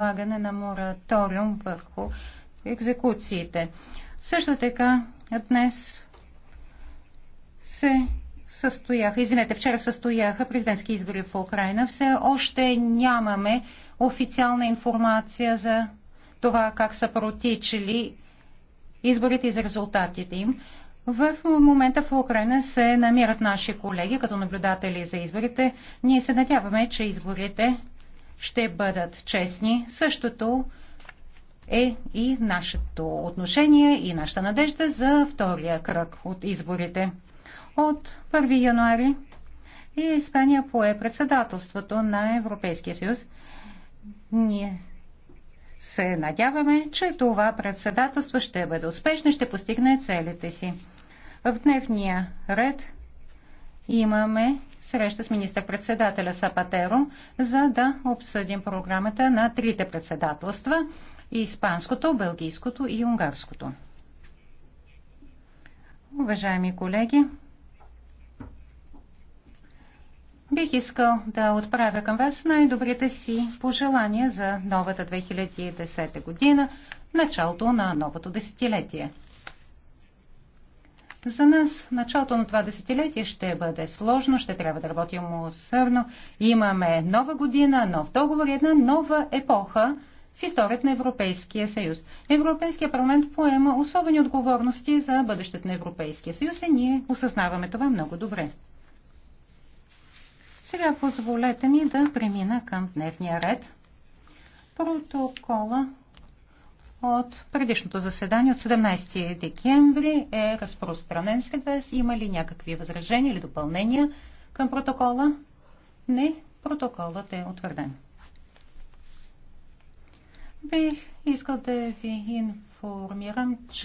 налагане на мораториум върху екзекуциите. Също така днес се състояха, извинете, вчера състояха президентски избори в Украина. Все още нямаме официална информация за това как са протичали изборите и за резултатите им. В момента в Украина се намират наши колеги като наблюдатели за изборите. Ние се надяваме, че изборите ще бъдат честни. Същото е и нашето отношение и нашата надежда за втория кръг от изборите. От 1 януари и Испания пое председателството на Европейския съюз. Ние се надяваме, че това председателство ще бъде успешно и ще постигне целите си. В дневния ред имаме среща с министър-председателя Сапатеро, за да обсъдим програмата на трите председателства – испанското, белгийското и унгарското. Уважаеми колеги, бих искал да отправя към вас най-добрите си пожелания за новата 2010 година, началото на новото десетилетие. За нас началото на това десетилетие ще бъде сложно, ще трябва да работим усърно. Имаме нова година, нов договор, една нова епоха в историята на Европейския съюз. Европейския парламент поема особени отговорности за бъдещето на Европейския съюз и ние осъзнаваме това много добре. Сега позволете ми да премина към дневния ред. Протокола от предишното заседание от 17 декември е разпространен сред вас. Има ли някакви възражения или допълнения към протокола? Не, протоколът е утвърден. Бих искал да ви информирам, че